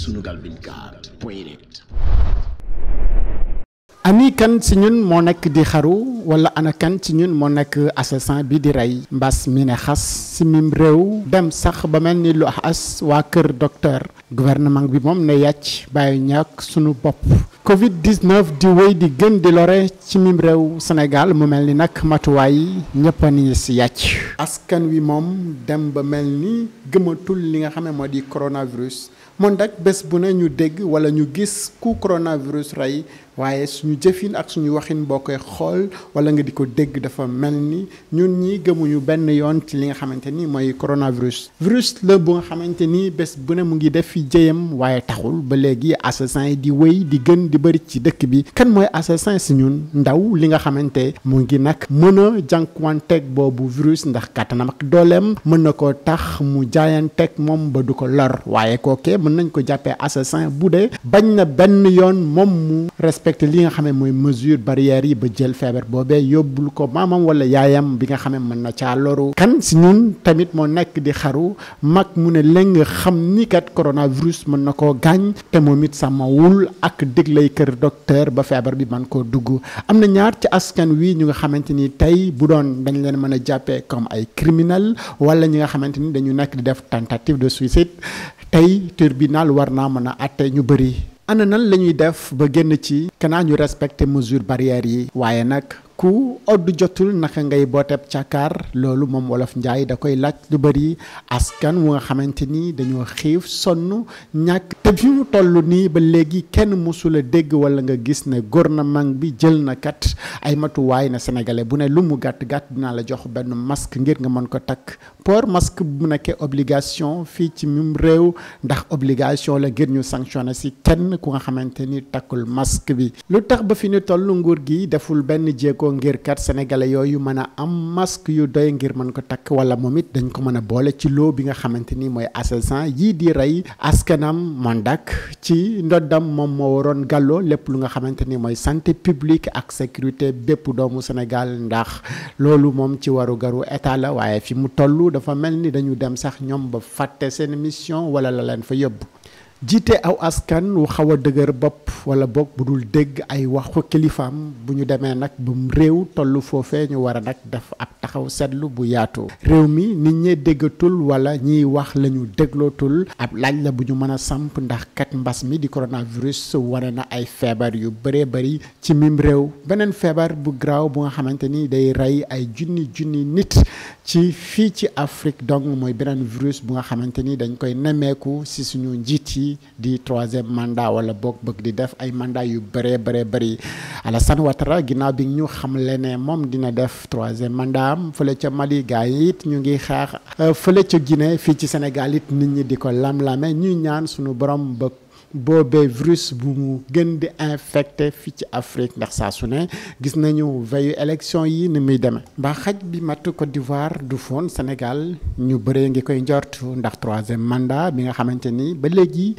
Sunugal 24 kan ci ñun moo nekk di xaru wala ana kan ci ñun moo nekk assassin bi di rey mbas mi ne xas ci mim réew dem sax ba mel ni lu as waa kër docteur gouvernement bi moom ne yàcc bàyyi ñàkk sunu bopp Covid 19 di wéy di gën di lore ci mim réew Sénégal mu mel ni nag matuwaay yi ñëpp a ni si yàcc. askan wi moom dem ba mel ni gëmatul li nga xam ne moo di coronavirus moom nag bés bu ne ñu dégg wala ñu gis ku coronavirus rey waaye suñu jëfin ak suñu waxin boo koy xool wala nga di ko dégg dafa mel ni ñun ñi gëmuñu benn yoon ci li nga xamante ni mooy coronavirus. virus la bu nga xamante ni bés bu ne mu ngi def fi jëyam waaye taxul ba léegi assassin yi di wéy di gën di bëri ci dëkk bi kan mooy assassin si ñun ndaw li nga xamante mu ngi nag mën a jànkuwanteeg boobu virus ndax kàttanam ak dooleem mën na ko tax mu jaayanteeg moom ba du ko lor waaye kookee mën nañ ko jàppee assassin respecté li nga xam ne mooy mesure barrière yi ba jël feebar boobee yóbbul ko maamam wala yaayam bi nga xam mën na caa loru kan si ñun tamit moo nekk di xaru mag mu ne leng xam ni kat coronavirus mën na koo gaañ te moom it sàmmawul ak déglay kër docteur ba feebar bi mën koo dugg am na ñaar ci askan wi ñu nga xamante ni tey bu doon dañu leen mën a jàppee comme ay criminel wala ñi nga xamante ni dañu nekk di def tentative de suicide tey tribunal war naa mën a atte ñu bëri ana nan la ñuy def ba génn ci kanaa ñu respecter mesure barrières yi waaye nag ku oddu jotul naka ngay booteb càkkaar loolu moom wolof njaay da koy laaj lu bëri askan wu nga xamante ni dañoo xiif sonn ñàkk te fi mu toll nii ba léegi kenn mosula dégg wala nga gis ne gouvernement bi jël na kat ay matuwaay ne sénégalais bu ne lu mu gàtt gàtt dinaa la jox benn masque ngir nga mën ko takk port masque bu nekkee obligation fii ci mim réew ndax obligation la ngir ñu sanctionné si kenn ku nga xamante ni takkul mask bi lu tax ba fi ñu toll ko ngir kat sénégalais yooyu mën a am masque yu doy ngir mën ko takk wala moom it dañ ko mën a boole ci loo bi nga xamante ni mooy asl100 yii di rey askanam mondak ci ndoddam moom moo waroon gàlloo lépp lu nga xamante ni mooy santé publique ak sécurité bépp doomu Sénégal ndax loolu moom ci waru garu état la waaye fi mu toll dafa mel ni dañu dem sax ñoom ba fàtte seen mission wala la leen fa yóbbu jiite aw askan wu xaw a dëgër bopp wala boog bu dul dégg ay waxu kilifam bu ñu demee nag bam réew tollu foofee ñu war a nag def ab taxaw seetlu bu yaatu réew mi nit ñee déggatul wala ñiy wax lañu ñu déglootul ab laaj la bu ñu mën a samp ndax kat mbas mi di coronavirus wane na ay feebar yu bëree bëri ci mim réew beneen feebar bu graaw bu nga xamante ni day rey ay junni junni nit ci fii ci Afrique donc mooy beneen virus bu nga xamante ni dañ koy nemmeeku si suñu njiit yi lii di troisième mandat wala boog bëgg di def ay mandat yu bëree bëree bëri Alassane Ouattara ginnaaw bi ñu xam ne moom dina def troisième mandat am fële ca Mali gars yi ñu ngi xaar euh, fële ca Guinée fii ci Sénégal it nit ñi di ko lam-lame ñuy ñaan sunu borom bëgg. boobee virus bu mu gën di infecté fii ci Afrique ndax saa ne gis nañu veyu élection yi ni muy demee. ba xaj bi matt Côte d'Ivoire du fonn senegal ñu bëree ngi koy njort ndax troisième mandat bi nga xamante ni ba léegi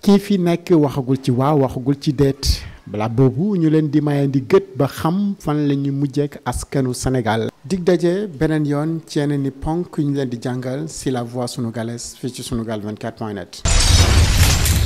kii fi nekk waxagul ci waa waxagul ci déet. bala boobu ñu leen di maye di gët ba xam fan la ñu mujjeek askanu senegal dig daje beneen yoon ci yeneen ni ponk ñu leen di jàngal si la sunu gales fii ci sunu gal point